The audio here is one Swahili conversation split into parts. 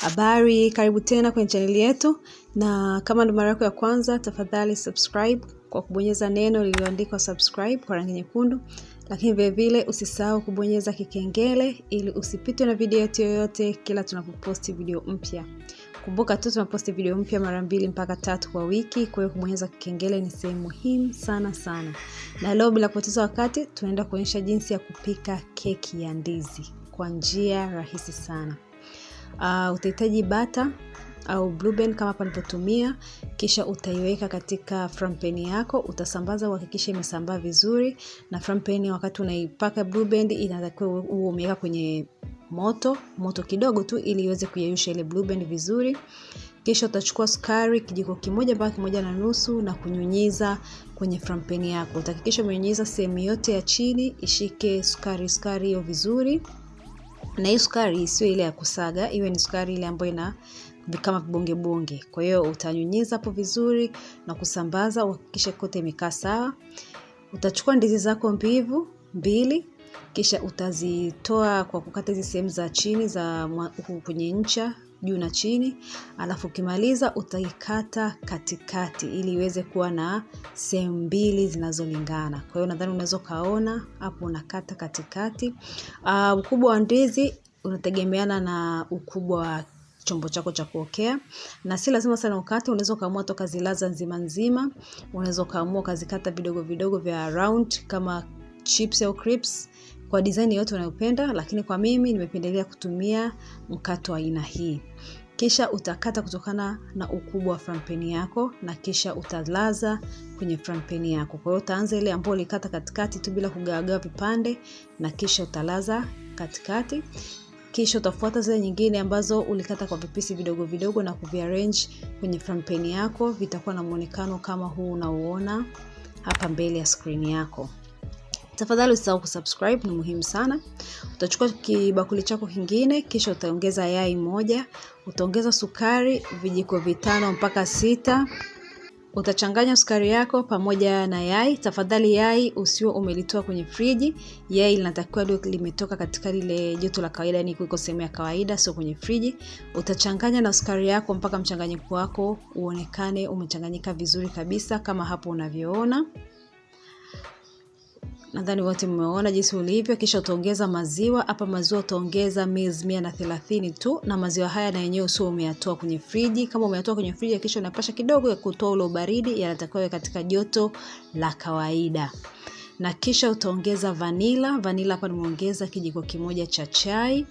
Habari, karibu tena kwenye chaneli yetu, na kama ndo mara yako ya kwanza, tafadhali subscribe kwa kubonyeza neno lililoandikwa subscribe kwa rangi nyekundu, lakini vilevile usisahau kubonyeza kikengele ili usipitwe na video yetu yoyote kila tunapoposti video mpya. Kumbuka tu tunaposti video mpya mara mbili mpaka tatu kwa wiki, kwa hiyo kubonyeza kikengele ni sehemu muhimu sana sana. Na leo bila kupoteza wakati, tunaenda kuonyesha jinsi ya kupika keki ya ndizi kwa njia rahisi sana. Uh, utahitaji bata au blueband kama hapa nilivyotumia, kisha utaiweka katika frampeni yako, utasambaza uhakikishe imesambaa vizuri. Na frampeni wakati unaipaka blueband, inatakiwa uwe umeweka kwenye moto moto kidogo tu, ili iweze kuyeyusha ile blueband vizuri. Kisha utachukua sukari kijiko kimoja mpaka kimoja na nusu na kunyunyiza kwenye frampeni yako. Utahakikisha umenyunyiza sehemu yote ya chini, ishike sukari sukari hiyo vizuri na hii sukari isiyo ile ya kusaga, iwe ni sukari ile ambayo ina kama vibonge bonge. Kwa hiyo utanyunyiza hapo vizuri na kusambaza, uhakikishe kote imekaa sawa. Utachukua ndizi zako mbivu mbili kisha utazitoa kwa kukata hizi sehemu za chini za kwenye ncha juu na chini, alafu ukimaliza utaikata katikati ili iweze kuwa na sehemu mbili zinazolingana. Kwa hiyo nadhani unaweza ukaona hapo, unakata katikati. Uh, ukubwa wa ndizi unategemeana na ukubwa wa chombo chako cha kuokea, na si lazima sana ukate. Unaweza ukaamua toka zilaza nzima nzima, unaweza ukaamua ukazikata vidogo vidogo vya round kama chips au crisps kwa design yote unayopenda, lakini kwa mimi nimependelea kutumia mkato wa aina hii. Kisha utakata kutokana na ukubwa wa frampeni yako na kisha utalaza kwenye frampeni yako. Kwa hiyo utaanza ile ambayo ulikata katikati tu bila kugawagawa vipande na kisha utalaza katikati. Kisha utafuata zile nyingine ambazo ulikata kwa vipisi vidogo vidogo na kuviarrange kwenye frampeni yako, vitakuwa na muonekano kama huu unauona hapa mbele ya skrini yako. Tafadhali usisahau kusubscribe, ni muhimu sana. Utachukua kibakuli chako kingine, kisha utaongeza yai moja, utaongeza sukari vijiko vitano mpaka sita. Utachanganya sukari yako pamoja na yai. Tafadhali yai usio umelitoa kwenye friji. Yai linatakiwa liwe limetoka katika lile joto la kawaida, yani kuiko sehemu ya kawaida, sio kwenye friji. Utachanganya na sukari yako mpaka mchanganyiko wako uonekane umechanganyika vizuri kabisa, kama hapo unavyoona nadhani wote mmeona jinsi ulivyo. Kisha utaongeza maziwa hapa, maziwa utaongeza mils mia na thelathini tu, na maziwa haya na yenyewe usio umeyatoa kwenye friji. Kama umeyatoa kwenye friji, kisha unapasha kidogo ya kutoa ule ubaridi, yanatakiwa katika joto la kawaida na kisha utaongeza vanila. Vanila hapa nimeongeza kijiko kimoja cha chai,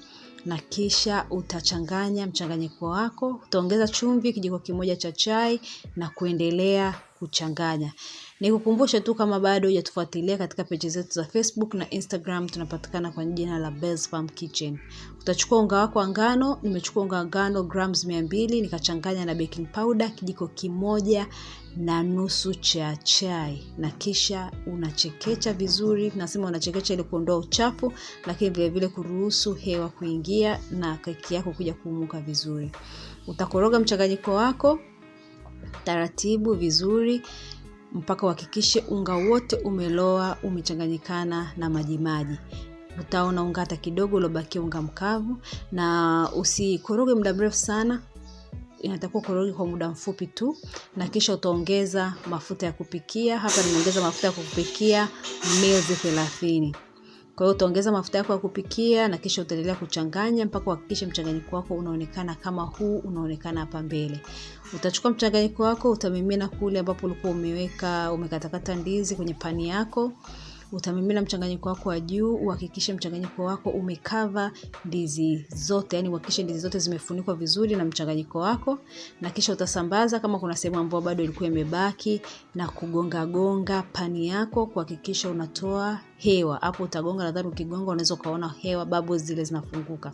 na kisha utachanganya mchanganyiko wako. Utaongeza chumvi kijiko kimoja cha chai na kuendelea kuchanganya. Nikukumbushe tu kama bado hujatufuatilia katika peji zetu za Facebook na Instagram tunapatikana kwa jina la Bells Farm Kitchen. Utachukua unga wako wa ngano, nimechukua unga wa ngano grams 200 nikachanganya na baking powder kijiko kimoja na nusu cha chai na kisha unachekecha vizuri. Nasema unachekecha ili kuondoa uchafu, lakini vilevile kuruhusu hewa kuingia na keki yako kuja kuumuka vizuri. Utakoroga mchanganyiko wako taratibu vizuri mpaka uhakikishe unga wote umeloa, umechanganyikana na majimaji. Utaona unga hata kidogo uliobakia, unga mkavu, na usikoroge muda mrefu sana inatakiwa kuroge kwa muda mfupi tu, na kisha utaongeza mafuta ya kupikia. Hapa nimeongeza mafuta ya kupikia mezi 30. Kwa hiyo utaongeza mafuta yako ya kupikia na kisha utaendelea kuchanganya mpaka uhakikishe mchanganyiko wako unaonekana kama huu unaonekana hapa mbele. Utachukua mchanganyiko wako utamimina kule ambapo ulikuwa umeweka umekatakata ndizi kwenye pani yako utamimina mchanganyiko wako wa juu, uhakikishe mchanganyiko wako umekava ndizi zote, yani uhakikishe ndizi zote zimefunikwa vizuri na mchanganyiko wako, na kisha utasambaza kama kuna sehemu ambayo bado ilikuwa imebaki, na kugonga gonga pani yako kuhakikisha unatoa hewa. Hapo utagonga, nadhani ukigonga unaweza ukaona hewa babu zile zinafunguka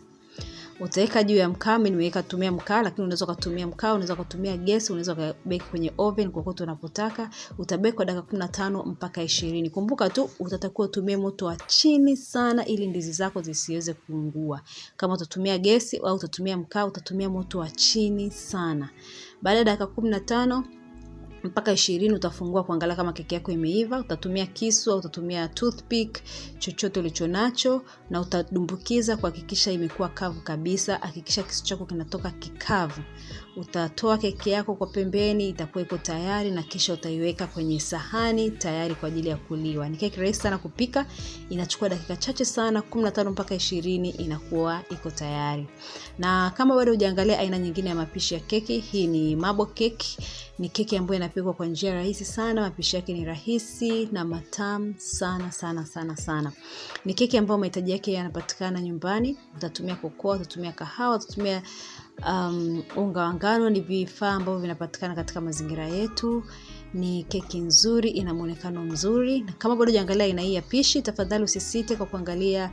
utaweka juu ya mkaa. Mimi nimeweka tumia mkaa, lakini unaweza kutumia mkaa, unaweza kutumia gesi, unaweza kubeki kwenye oven kwa kokote unapotaka. Utabeki kwa dakika 15 mpaka 20. Kumbuka tu utatakiwa utumie moto wa chini sana ili ndizi zako zisiweze kuungua. Kama utatumia gesi au utatumia mkaa, utatumia moto wa chini sana. Baada ya dakika 15 mpaka ishirini utafungua kuangalia kama keki yako imeiva. Utatumia kisu au utatumia toothpick, chochote ulichonacho, na utadumbukiza kuhakikisha imekuwa kavu kabisa. Hakikisha kisu chako kinatoka kikavu. Utatoa keki yako kwa pembeni, itakuwa iko tayari, na kisha utaiweka kwenye sahani tayari kwa ajili ya kuliwa. Ni keki rahisi sana kupika, inachukua dakika chache sana, 15 mpaka 20, inakuwa iko tayari. Na kama bado hujaangalia aina nyingine ya mapishi ya keki, hii ni mabo keki ni keki ambayo inapikwa kwa njia rahisi sana, mapishi yake ni rahisi na matamu sana sana sana sana. Ni keki ambayo mahitaji yake yanapatikana nyumbani. Utatumia kokoa, utatumia kahawa, utatumia um, unga wa ngano. Ni vifaa ambavyo vinapatikana katika mazingira yetu. Ni keki nzuri, ina muonekano mzuri, na kama bado jaangalia aina hii ya pishi, tafadhali usisite kwa kuangalia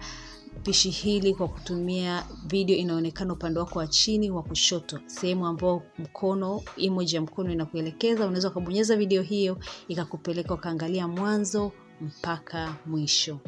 pishi hili kwa kutumia video inaonekana upande wako wa chini wa kushoto, sehemu ambayo mkono emoji ya mkono inakuelekeza. Unaweza ukabonyeza video hiyo ikakupeleka ukaangalia mwanzo mpaka mwisho.